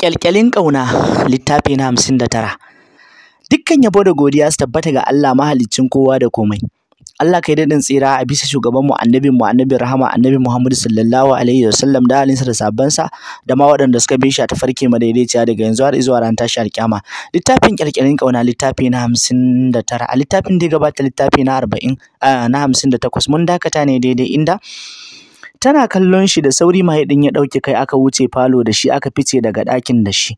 Kyalkyalin ƙauna littafi na hamsin da tara. Dukkan yabo da godiya su tabbata ga Allah mahaliccin kowa da komai. Allah kai daɗin tsira a bisa shugabanmu annabin mu annabin rahama annabi Muhammadu sallallahu alaihi sallam da halinsa da sabansa da ma waɗanda suka bi shi a tafarki madaidaiciya daga yanzu har zuwa ran tashi alƙiyama. Littafin kyalkyalin ƙauna littafi na hamsin da tara a littafin da gabata littafi na arba'in na hamsin da takwas mun dakata ne daidai inda Tana kallon shi da sauri mahaiɗin ya ɗauki kai aka wuce falo da shi aka fice daga ɗakin da shi.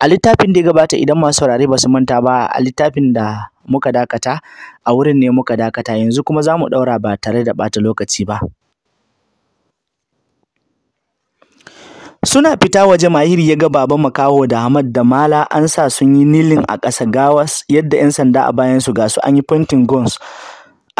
A littafin da ya gabata idan masu saurare ba su manta ba a littafin da muka dakata a wurin ne muka dakata yanzu kuma za mu ɗaura ba tare da bata lokaci ba. Suna fita waje Mahir ya ga baban makaho da Ahmad da Mala an sa sun yi nilin a ƙasa gawas yadda 'yan sanda a bayansu ga su an yi pointing guns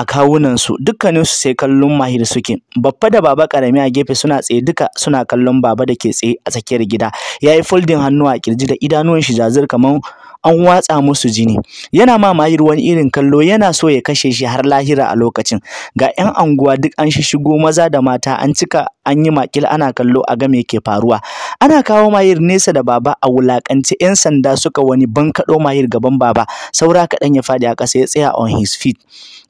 a kawunansu dukkaninsu sai kallon mahir suke baffa da baba karami a gefe suna tsaye duka suna kallon baba da ke tsaye a tsakiyar gida ya yi foldin hannu a kirji da idanuwan shi jazir kamar an watsa musu jini yana ma mahir wani irin kallo yana so ya kashe shi har lahira a lokacin ga 'yan anguwa duk an shishigo maza da mata an cika an yi makil ana kallo a ga me ke faruwa ana kawo mahir nesa da baba a wulakance 'yan sanda suka wani bankaɗo mahir gaban baba saura kaɗan ya faɗi a ƙasa ya tsaya on his feet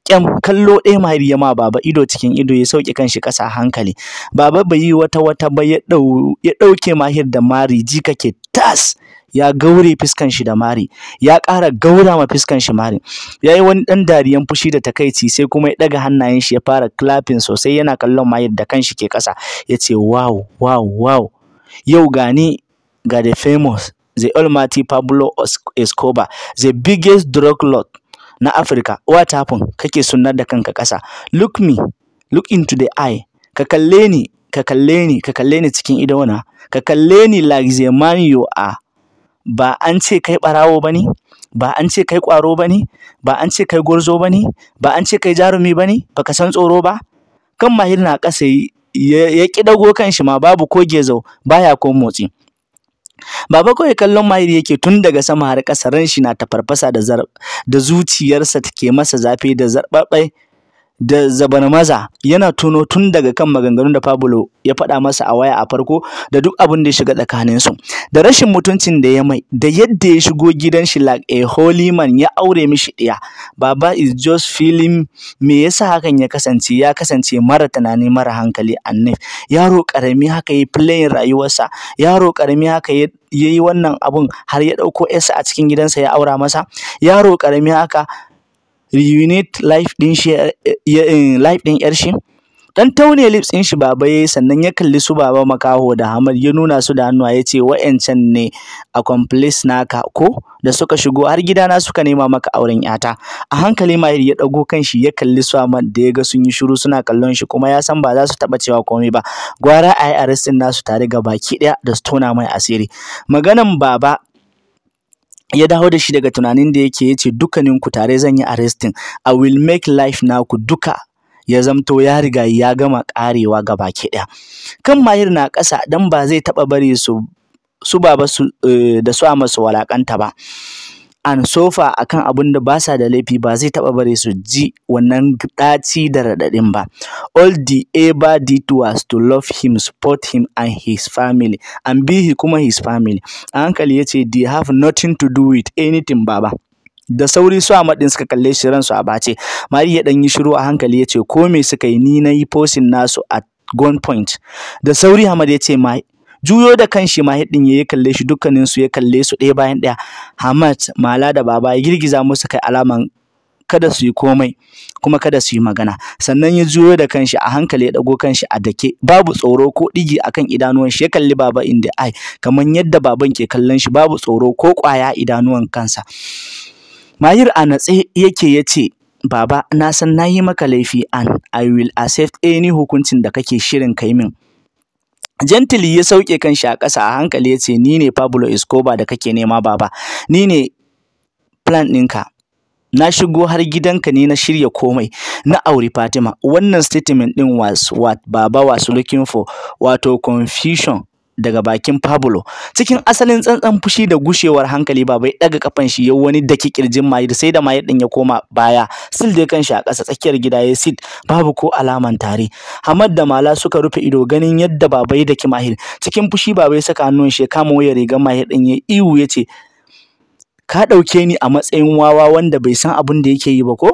kyam kallo ɗaya mahir ya ma baba ido cikin ido ya sauke kanshi ƙasa hankali baba bai yi wata wata ba ya ɗauke mahir da mari ji kake tas ya gaure fiskan shi da mari ya ƙara gaura ma fiskan shi mari ya yi wani ɗan dariyan fushi da takaici sai kuma ya ɗaga hannayen shi ya fara clapping sosai yana kallon ma yadda kan shi ke ƙasa ya ce wow wow wow yau gani ga the famous the almighty Pablo Escobar the biggest drug lord na Africa what happened kake sunnar da kanka ƙasa look me look into the eye ka kalle ni ka kalle ni ka kalle ni cikin idona ka kalle ni like the man you are ba an ce kai ɓarawo ba ne ba an ce kai ƙwaro ba ne ba an ce kai gwarzo ba ne ba an ce kai jarumi ba ne ba ka san tsoro ba kan mahir na ƙasa ya ƙi dago kan shi ma babu ko ba baya ko motsi Baba kawai kallon Mahir yake tun daga sama har ƙasa ran shi na tafarfasa da zuciyarsa take masa zafi da zarɓaɓɓai da maza yana tuno tun daga kan maganganun da Pablo ya faɗa masa a waya a farko da duk abin da ya shiga tsakaninsu da rashin mutuncin da ya mai da yadda ya shigo gidan shi like a holy man ya aure mishi ɗaya, baba is just feeling me yasa hakan ya kasance ya kasance mara tunani mara hankali annif yaro karami haka yi playing rayuwarsa yaro karami haka ya yi wannan abun har ya ɗauko yarsa a cikin gidansa ya aura masa yaro karami haka reunite life ɗin shi eh, life din yar shi dan taune lips ɗin shi baba yayi sannan ya kalli su baba makaho da Ahmad ya nuna su da hannuwa yace wayancan ne a accomplice naka ko da suka shigo har gidana suka nema maka auren yata a hankali Mahir ya dago shi ya kalli su Ahmad da ya ga sun yi shiru suna kallon shi kuma ya san ba za su taba cewa komai ba gwara ayi arrestin nasu tare ga baki daya da su tona mai asiri maganan baba ya dawo da shi daga tunanin da yake yace dukkanin ku tare zan yi arresting i will make life na ku duka ya zamto ya riga ya gama karewa baki daya kan mahir na ƙasa dan ba zai taba bari su su baba su eh, da su a masu walakanta ba an sofa akan abin da ba sa da laifi ba zai taɓa bare su ji wannan ɗaci da raɗaɗin ba. All the ever did was to love him, support him and his family and be he kuma his family. A hankali ya ce they have nothing to do with anything baba. da sauri su Ahmad suka kalle shi ransu a bace Mari ya dan yi shiru a hankali ya ce ko me suka yi ni na yi posin nasu a gunpoint da sauri Ahmad ya ce juyo da kanshi ma ya ya kalle shi dukkanin su ya kalle su ɗaya bayan ɗaya Hamad mala da baba ya girgiza musu kai alaman kada su yi komai kuma kada su yi magana sannan ya juyo da kanshi a hankali ya dago kanshi a dake babu tsoro ko digi akan idanuwan shi ya kalli baba inda ai kamar yadda baban ke kallon shi babu tsoro ko kwaya idanuwan kansa mahir a natse yake yace baba na san nayi maka laifi an i will accept any hukuncin da kake shirin kai min Gentili ya sauke kanshi a ƙasa a hankali ya ce ni ne Pablo Escobar da kake nema baba ni ne plan ɗinka na shigo har gidanka ne na shirya komai na auri Fatima wannan statement ɗin was what baba was looking for wato confusion daga bakin Pablo cikin asalin tsantsan fushi da gushewar hankali baba ya daga kafan shi ya wani daki kirjin Mayir sai da Mayir din ya koma baya sil da kanshi a ƙasa tsakiyar gida ya sit babu ko alaman tare Hamad da Mala suka rufe ido ganin yadda baba ya daki Mahir cikin fushi baba ya saka hannun shi ya kama wayar rigar Mahir din ya iwu ya ka ɗauke ni a matsayin wawa wanda bai san abin da yake yi ba ko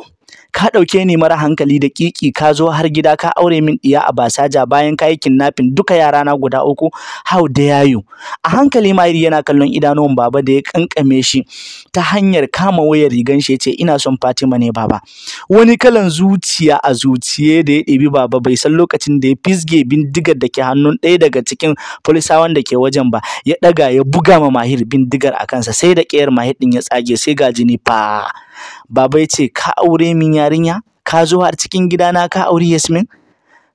ka ɗauke ni mara hankali da ƙiƙi ka zo har gida ka aure min ɗiya a basaja bayan ka yi kidnapping duka yarana guda uku how dare you a hankali mairi yana kallon idanuwan baba da ya kankame shi ta hanyar kama wayar rigan shi yace ina son Fatima ne baba wani kalan zuciya a zuciye da ya ɗebi baba bai san lokacin da ya fisge bindigar da ke hannun ɗaya daga cikin polisawan da ke wajen ba ya ɗaga ya buga ma mahir bindigar a kansa sai da ƙeyar mahir ɗin ya tsage sai ga jini fa baba ya ce ka aure min yarinya ka zo har cikin gidana ka aure yasmin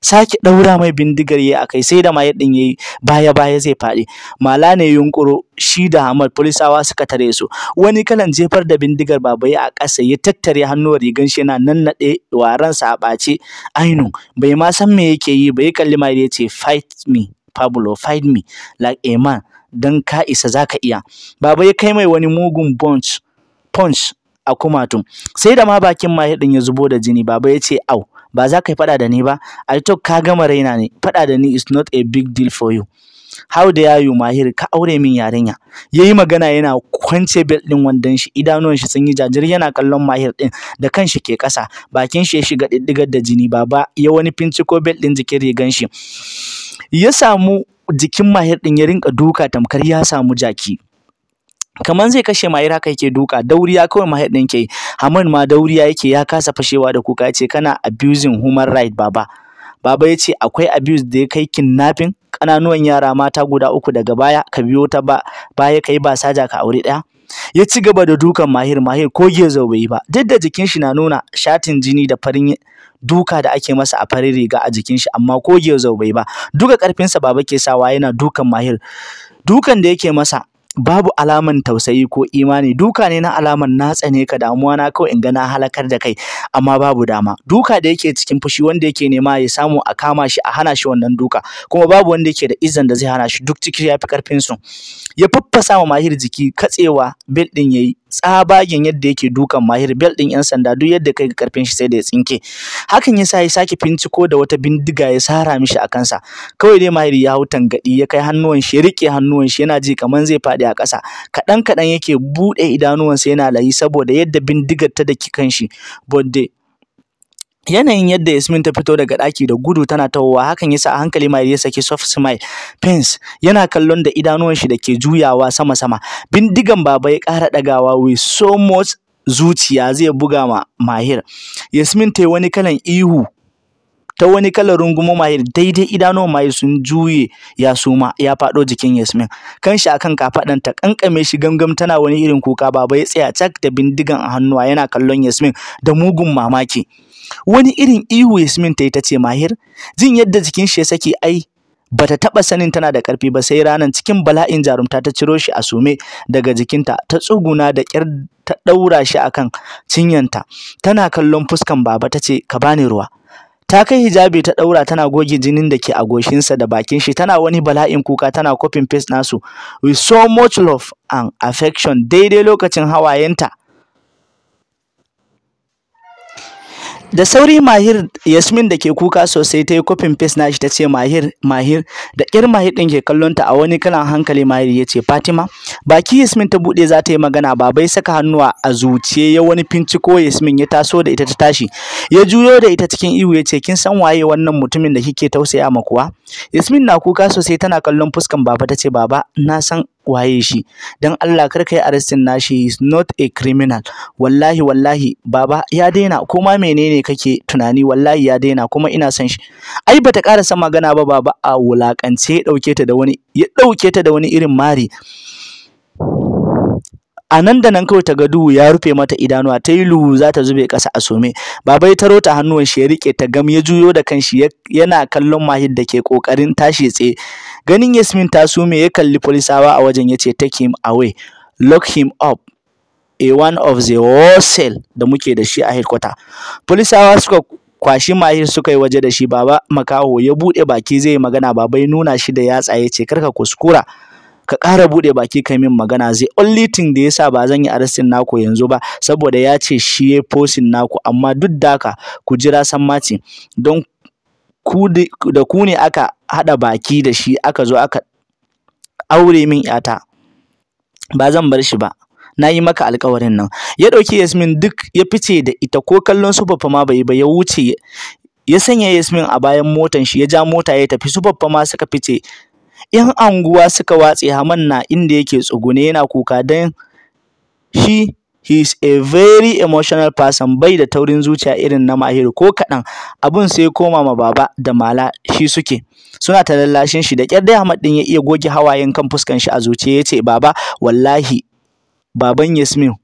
sake ɗaura mai bindigar yayi akai sai da mayar ɗin yayi baya baya zai faɗi mala ne yunkuro shi da Ahmad polisawa suka tare su wani kalan jefar da bindigar baba ya a ƙasa ya tattare hannuwar rigan shi yana nannaɗe waransa a ɓace ainu bai ma san me yake yi bai kalli mai ya ce fight me Pablo fight me like a man dan ka isa zaka iya baba ya kai mai wani mugun punch punch a kumatun sai da ma bakin mahi din ya zubo da jini baba ya ce au ba za ka yi faɗa da ni ba I talk ka gama raina ne faɗa da ni is not a big deal for you how dare you mahir ka aure min yarinya yayi magana yana kwance bel din wandan shi idanuwan shi sun yi jajir yana kallon mahir din da kanshi ke kasa bakin shi ya shiga diddigar da jini baba ya wani finciko bel din jikin rigan shi ya samu jikin mahir din ya rinka duka tamkar ya samu jaki kaman zai kashe mahir haka yake duka dauriya kawai mahir din ke Haman ma dauriya yake ya kasa fashewa da kuka yace kana abusing human right baba baba yace akwai abuse da ya kai kidnapping kananuwan yara mata guda uku daga baya ka biyo ta ba baya kai ba saja ka aure daya ya ci gaba da dukan mahir mahir ko gezo bai ba duk da jikin shi na nuna shatin jini da farin duka da ake masa a farin riga a jikin shi amma ko gezo bai ba duka karfinsa baba ke sawa yana dukan mahir dukan da yake masa babu alaman tausayi ko imani duka ne na alaman na tsane ka damuwa na kawai in ga na halakar da kai amma babu dama duka da yake cikin fushi wanda yake nema ya samu a kama shi a hana shi wannan duka kuma babu wanda yake da izan da zai hana shi duk ciki ya fi karfin su ya faffasa ma mahir jiki katsewa bil din yayi tsabagen yadda yake dukan mahir bel din yan sanda duk yadda kai ga karfin shi sai da ya tsinke hakan yasa ya sake finciko da wata bindiga ya sara mishi a kansa kawai dai mahir ya hau tangadi ya kai hannuwan shi ya rike hannuwan shi yana ji kaman zai fadi a ƙasa kaɗan kaɗan yake buɗe idanuwansa yana layi saboda yadda bindigar ta daki kanshi bonde. Yanayin yadda Yasmin ta fito daga ɗaki da gudu tana tahowa hakan yasa a hankali Mahir ya saki soft smile. Pence yana kallon da idanuwan shi da ke juyawa sama-sama. Bindigan baba ya ƙara ɗagawa with so much zuciya zai buga ma Mahir. Yasmin ta yi wani kalan ihu ta wani kalar runguma Mahir daidai idanuwan Mahir sun juye ya suma ya faɗo jikin Yasmin kanshi akan kafaɗan ta kankame shi gangam tana wani irin kuka baba ya tsaya cak da bindigan a hannuwa yana kallon Yasmin da mugun mamaki wani irin ihu Yasmin ta yi ta ce Mahir jin yadda jikin shi ya saki ai bata taba sanin tana da karfi ba sai ranan cikin bala'in jarumta ta ciro shi a sume daga jikinta ta tsuguna da kyar ta daura shi akan cinyanta tana kallon fuskan baba ta ce ka bani ruwa ta kai hijabi ta daura tana goge jinin da ke a goshinsa da bakin shi tana wani bala'in kuka tana copying paste nasu with so much love and affection daidai lokacin hawayenta da sauri mahir yasmin da ke kuka sosai ta yi kofin na shi ta ce mahir mahir da kyar mahir ɗin ke kallonta a wani kalan hankali mahir ya ce fatima baki yasmin ta buɗe za ta yi magana baba ya saka hannuwa a zuciya ya wani finciko yasmin ya taso da ita ta tashi ya juyo da ita cikin ihu ya ce kin san waye wannan mutumin da kike tausaya ma kuwa yasmin na kuka sosai tana kallon fuskan baba ta ce baba na san waye shi dan Allah kar kai arrestin nashi is not a criminal wallahi wallahi baba ya daina kuma menene kake tunani wallahi ya daina kuma ina son shi ai bata karasa magana ba baba a wulakance ya dauke ta da wani ya dauke ta da wani irin mari a nan da nan kawai ta ga duhu ya rufe mata idanuwa ta yi luhu za ta zube ƙasa a some baba ya taro ta hannuwan shi ya rike ta gam ya juyo da kanshi yana kallon mahid da ke ƙoƙarin tashi tse ganin yasmin ta sume ya kalli polisawa a wajen ya ce take him away lock him up a one of the wholesale da muke da shi a headquarter polisawa suka kwashi mahir suka yi waje da shi baba makaho ya buɗe baki zai magana baba ya nuna shi da yatsa ya ce karka kuskura ka ƙara buɗe baki kai min magana zai only thing da yasa ba zan yi arrestin naku yanzu ba saboda ya ce shi ya posting naku amma duk da haka ku jira mace don ku da ku ne aka haɗa baki da shi aka zo aka aure min yata ba zan bar shi ba na yi maka alkawarin nan ya ɗauki yasmin duk ya fice da ita ko kallon su babba ma bai ba ya wuce ya sanya yasmin a bayan motan shi ya ja mota ya tafi su ma suka fice 'yan anguwa suka watse Haman na inda yake tsugune yana kuka don shi he is a very emotional person bai da taurin zuciya irin na Mahiru ko kaɗan abun sai koma ma baba da mala shi suke suna ta lallashin shi da kyar dai Ahmad din ya iya goge hawayen kan fuskan shi a zuciya yace baba wallahi baban Yasmin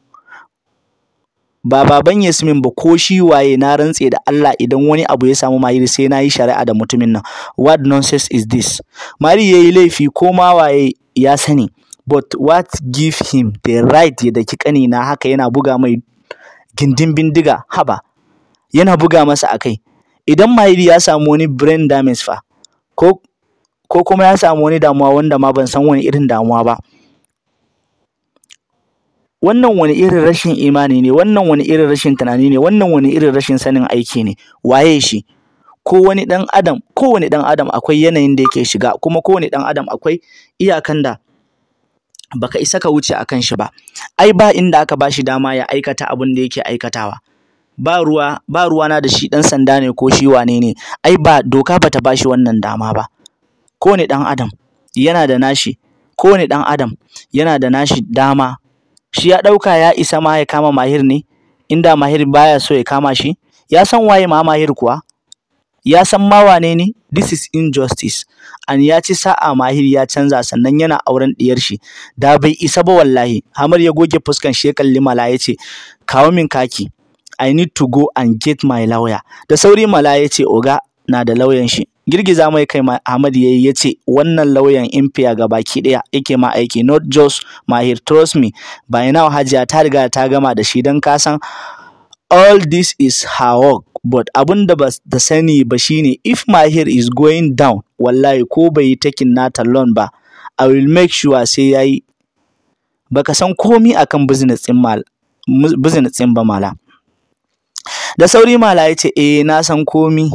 ba baban Yasmin ba ko shi waye na rantse da Allah idan wani abu ya samu mahiri sai na yi shari'a da mutumin nan what nonsense is this Mari yayi laifi ko ma waye ya sani but what give him the right ya daki kani na haka yana buga mai gindin bindiga haba yana buga masa akai idan mahiri ya samu wani brain damage fa ko ko kuma ya samu wani damuwa wanda ma ban san wani irin damuwa ba wannan wani irin rashin imani ne wannan wani irin rashin tunani ne wannan wani irin rashin sanin aiki ne waye shi ko wani dan adam ko wani dan adam akwai yanayin da yake shiga kuma ko wani dan adam akwai iyakan da baka isa ka wuce akan shi ba ai ba inda aka bashi dama ya aikata abin da yake aikatawa ba ruwa ba ruwana da shi dan sanda ne ko shi wane ne ai ba doka bata bashi wannan dama ba ko wani dan adam yana da nashi ko wani dan adam yana da nashi dama shi ya ɗauka ya isa ma ya kama mahir ne inda mahir baya so ya kama shi ya san waye ma mahir kuwa ya san ma wane ne this is injustice an ya ci sa'a mahir ya canza sannan yana auren ɗiyar shi da bai isa ba wallahi hamar ya goge fuskan shi ya kalli mala ya ce kawo min kaki i need to go and get my lawyer da sauri mala ya ce oga na da lauyan shi girgiza mai kai Ahmad yayi yace wannan lauyan impia ga baki daya yake ma aiki not just mahir trust me by now hajiya ta riga ta gama da shi dan kasan all this is her work but abun da da sani ba shine if mahir is going down wallahi ko bai takin nata loan ba i will make sure sai yayi baka san komi akan business din mal business din ba mala da sauri mala yace eh na san komi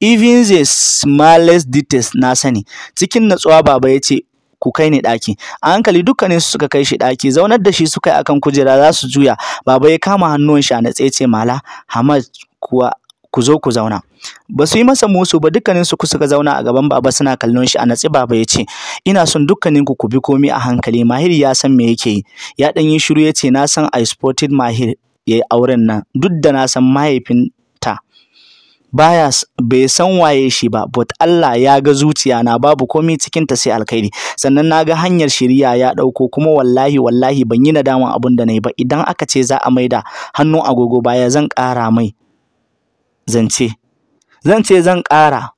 Even the smallest details na sani. Cikin natsuwa Baba ya ce, ku kai ni ɗaki. A hankali dukkaninsu suka kai shi ɗaki, zaunar da shi suka yi akan kujera za su juya. Baba ya kama hannuwan shi a natse ce, Mala, Hamad kuwa ku zo ku zauna. Ba su yi masa musu ba dukkaninsu ku suka zauna a gaban Baba suna kallon shi a natse Baba ya ce, Ina son dukkaninku ku bi komai a hankali, Mahir ya san me yake yi. Ya dan yi shiru ya ce, Na san I spotted Mahir ya yi auren nan, duk da na san mahaifin baya bai san waye shi ba but Allah ya ga zuciya na babu komai cikin ta sai alkhairi sannan naga hanyar shiriya ya dauko kuma wallahi wallahi ban yi nadaman abin da nayi ba idan aka ce za a maida hannun agogo baya zan ƙara mai zance zan ce zan kara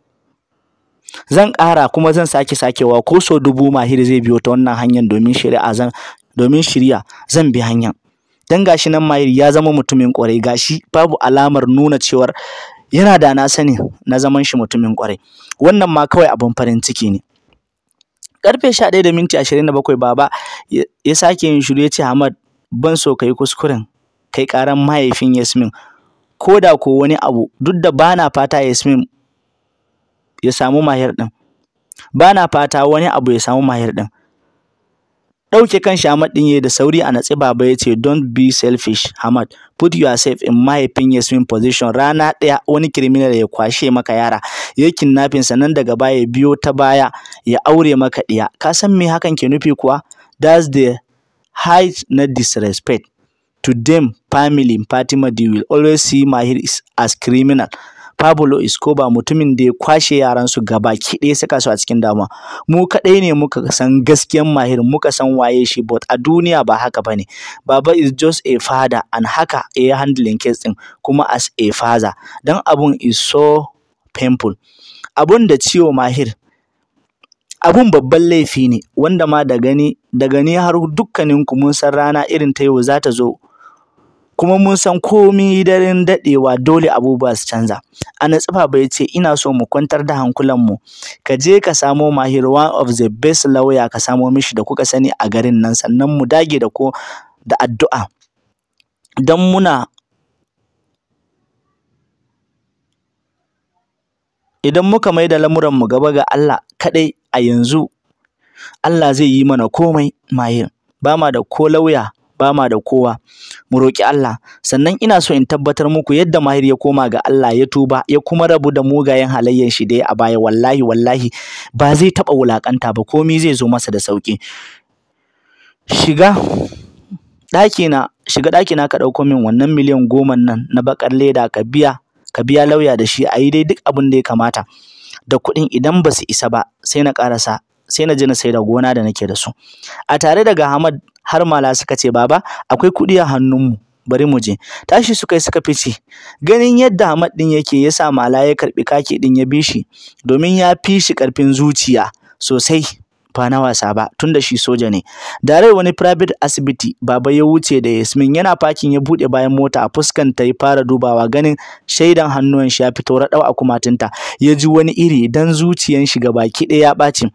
zan kara kuma zan sake sakewa ko so dubu mahir zai biyo ta wannan hanyar domin shiriya zan domin shirya zan bi hanyar dan gashi nan mahir ya zama mutumin kwarai gashi babu alamar nuna cewar yana da na sani na zaman shi mutumin ƙwarai wannan ma kawai abin farin ciki ne karfe 11 da minti 27 baba ya sake yin shiru ya ce Ahmad ban so kai kuskuren kai karan mahaifin Yasmin ko da ko wani abu duk da bana fata Yasmin ya samu mahir din bana fata wani abu ya samu mahir din Ɗauke kan Hamad ɗin yayi da sauri a natsi baba yace, don't be selfish Hamad put yourself in mahaifin Yasmin position rana ɗaya wani criminal ya kwashe maka yara ya kidnapping sanan daga baya biyo ta baya ya aure maka ɗiya ka san me hakan ke nufi kuwa that's the height na disrespect to them family Fatima they will always see Mahir as criminal Pablo Escobar mutumin da ya kwashe yaran su gaba ɗaya saka su a cikin damuwa mu kaɗai ne muka san gaskiyan Mahir muka san waye shi but a duniya ba haka bane Baba is just a father and haka ya handling case din kuma as a father dan abun is so painful abun da ciwo Mahir abun babban laifi ne wanda ma da gani da gani har dukkaninku mun san rana irin ta yau za ta zo kuma mun san komi daren daɗewa dole abubuwa su canza. A natsufa bai ce ina so mu kwantar da hankulan mu. ka je ka samo Mahir one of the best lawyer ka samo mishi da kuka sani a garin nan sannan mu dage da ko da addu'a don muna idan muka mai da mu gaba ga Allah kaɗai a yanzu Allah zai yi mana komai Mahir ba ma da ko lauya ba ma da kowa mu roƙi Allah sannan ina so in tabbatar muku yadda Mahir ya koma ga Allah ya tuba ya kuma rabu da mugayen halayyar shi da ya a wallahi wallahi ba zai taba wulakanta ba komai zai zo masa da sauki shiga ɗakina shiga na ka ɗauko min wannan miliyan goman nan na bakar leda ka biya ka biya lauya da shi ayi dai duk abin da ya kamata da kuɗin idan ba su isa ba sai na ƙarasa sai na ji na sai da gona da nake da su a tare daga Ahmad. har mala suka ce baba akwai kuɗi a hannunmu bari mu je tashi suka yi suka fice ganin yadda Ahmad din yake yasa sa mala ya karbi kaki din ya bi shi domin ya fi shi karfin zuciya sosai ba na wasa ba tunda shi soja ne da rai wani private asibiti baba ya wuce da Yasmin yana fakin ya bude bayan mota a fuskan ta ya fara dubawa ganin shaidan hannuwan shi ya fito raɗau a kumatinta ya ji wani iri dan zuciyan shi gabaki ɗaya ya ɓaci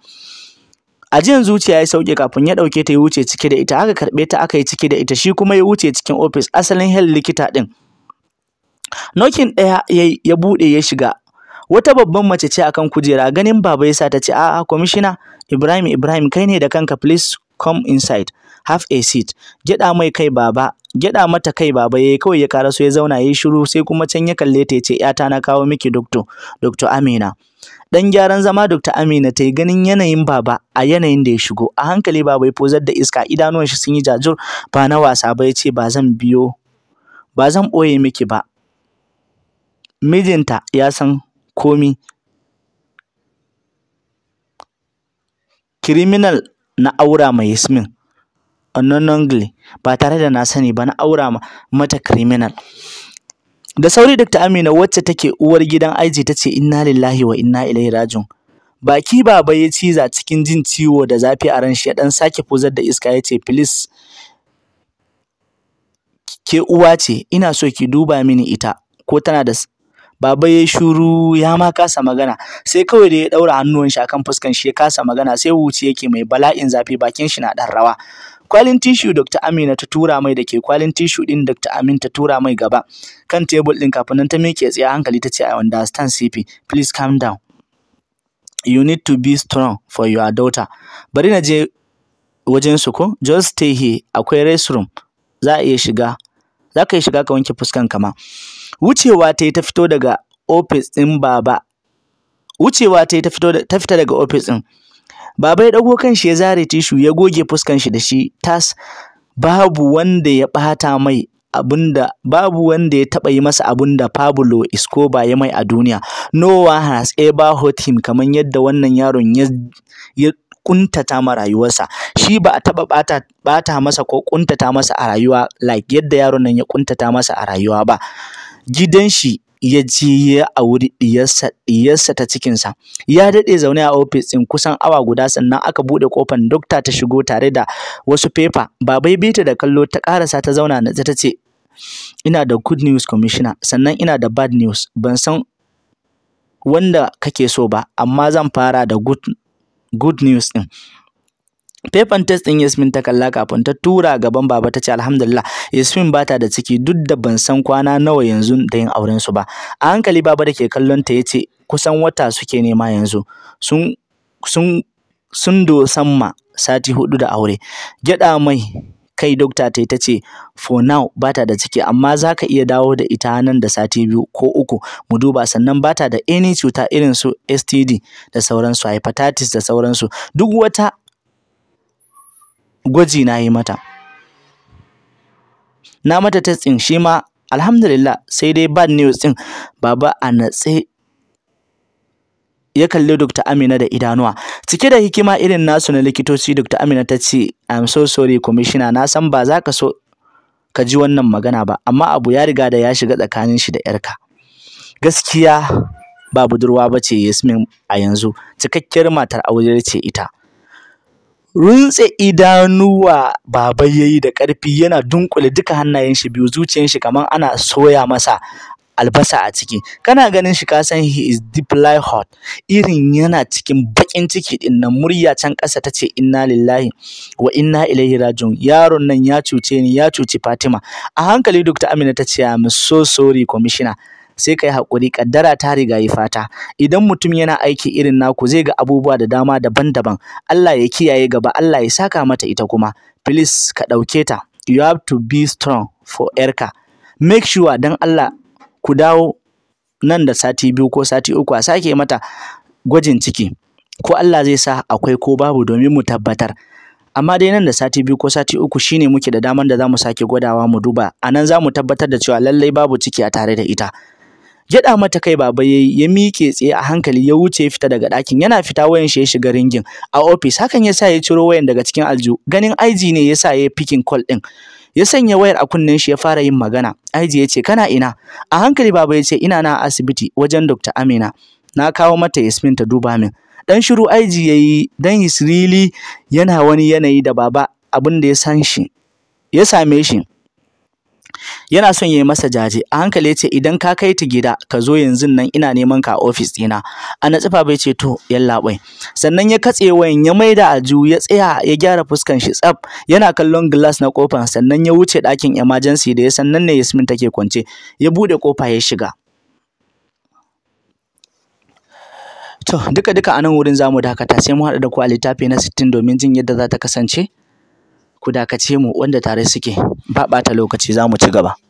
ajiyan zuciya ya sauke kafin ya dauke ta ya wuce cike da ita aka karbe ta aka yi cike da ita shi kuma ya wuce cikin ofis asalin hel likita din nokin daya ya ya bude ya shiga wata babban mace ce akan kujera ganin baba yasa ta ce a'a commissioner Ibrahim Ibrahim kai ne da kanka please come inside have a seat gyaɗa mai kai baba gyaɗa mata kai baba yayi kawai ya karaso ya zauna yayi shiru sai kuma can ya kalle ta yace yata na kawo miki doctor doctor Amina dan gyaran zama Dr. Amina ta ganin yanayin baba a yanayin da ya shigo a hankali baba ya fozar da iska idanuwan shi sun yi jajur ba na wasa ba yace ce ba zan biyo ba zan ɓoye miki ba mijinta ya san komi criminal na aura mai Yasmin unknowingly ba tare da na sani ba na aura mata criminal da sauri Dr. Amina wacce take uwar gidan aiji tace inna lillahi wa inna ilaihi rajiun baki baba ya ciza cikin jin ciwo da zafi a ran shi dan sake fuzar da iska yace ce please ke uwa ce ina so ki duba mini ita ko tana da baba ya shuru ya ma kasa magana sai kawai da ya daura hannuwan shi akan fuskan shi ya kasa magana sai wuce yake mai bala'in zafi bakin shi na dan rawa Kwalin tishu Dr. Amina ta tura mai da ke kwalin tishu din Dr. Amin ta tura mai gaba kan tebul din kafin nan ta miƙe tsaye hankali ta ce I understand CP please calm down you need to be strong for your daughter bari na je wajen su ko just stay here akwai restroom za a iya shiga za ka iya shiga ka wanke fuskan kama wucewa ta yi ta fito daga ofis ɗin baba wucewa ta yi ta fito ta fita daga office din Baba ya kan kanshi ya zare tishu ya goge fuskan shi da shi tas babu wanda ya ɓata mai abunda babu wanda ya taɓa yi masa abunda Pablo Escobar ya mai a duniya. No one has ever hurt him kamar yadda wannan yaron ya ya kuntata ma rayuwarsa. Shi ba a taɓa ɓata ɓata masa ko kuntata masa a rayuwa like yadda yaron nan ya kuntata masa a rayuwa ba. Gidan shi ya ji ya wuri ɗiyarsa diyarsa ta cikinsa ya daɗe zaune a ofis ɗin kusan awa guda sannan aka buɗe kofar dokta ta shigo tare da wasu fefa babai bita da kallo ta ƙarasa ta zauna na ta ce ina da good news commissioner sannan ina da bad news ban san wanda kake so ba amma zan fara da good good news ɗin Faifan test ɗin Yasmin ta kalla kafin ta tura gaban baba ta ce alhamdulillah Yasmin ba ta da ciki duk da ban san kwana nawa yanzu da yin auren su ba. A hankali baba da ke kallon ta yace kusan wata suke nema yanzu. Sun sun sun dosan ma sati hudu da aure. Gyaɗa mai kai dokta ta ta ce for now ba ta da ciki amma za ka iya dawo da ita nan da sati biyu ko uku mu duba sannan ba ta da any cuta irin su STD da sauransu hepatitis da sauransu duk wata gwaji na yi mata na mata ta tsin shi ma alhamdulillah sai dai bad news ɗin baba a natse ya kalli Dr. Amina da idanuwa. Cike da hikima irin nasu na likitoci Dr. Amina ta ce, "I'm so sorry commissioner, na san ba za ka so ka ji wannan magana ba, amma abu ya riga da ya shiga tsakanin shi da 'yarka." Gaskiya ba budurwa ba ce Yasmin a yanzu, cikakkiyar matar aure ce ita. Runtse idanuwa Baba ya yi da ƙarfi yana dunkule duka hannayen shi biyu, shi kamar ana soya masa albasa a ciki. Kana ganin shi ka san he is deeply hot. Irin yana cikin bakin ciki ɗin nan murya can ƙasa ta ce inna lillahi wa inna ilaihi rajiun. Yaron nan ya cuce ni, ya cuci Fatima. A hankali Dr. Amina ta ce I'm so sorry commissioner. sai kai hakuri, kaddara ta riga yi fata idan mutum yana aiki irin naku zai ga abubuwa da dama daban-daban Allah ya kiyaye gaba Allah ya saka mata ita kuma please ka ɗauke ta you have to be strong for erka. make sure dan Allah ku dawo nan da sati biyu ko sati uku a sake mata gwajin ciki ko Allah zai sa akwai ko babu domin mu tabbatar amma dai nan da sati biyu ko sati uku shine muke da damar da zamu sake gwadawa mu duba anan zamu tabbatar da cewa lallai babu ciki a tare da ita Gyada mata kai baba yayi ya mike tsaye a hankali ya wuce ya fita daga ɗakin yana fita wayan shi ya shiga ringin a office hakan yasa ya ciro wayan daga cikin aljihu ganin IG ne yasa ya picking call din. ya sanya wayar a kunnen shi ya fara yin magana IG ya ce kana ina a hankali baba ya ce ina na asibiti wajen Dr. Amina na kawo mata Yasmin ta duba min dan shiru IG yayi dan is really yana wani yanayi da baba abin da ya san shi ya same shi yana son ya yi masa jaje a hankali yace idan ka kai ta gida ka zo yanzu nan ina neman ka a ofis ɗina a natsifa bai ce to yallaɓai sannan ya katse wayan ya maida aju ya tsaya ya gyara fuskan shi tsaf yana kallon glass na kofa sannan ya wuce ɗakin emergency da ya san nan ne Yasmin take kwance ya buɗe kofa ya shiga To duka duka a nan wurin zamu dakata sai mu haɗu da ku a littafi na 60 domin jin yadda za ta kasance. ku dakace mu wanda tare suke ba ɓata lokaci za mu ci gaba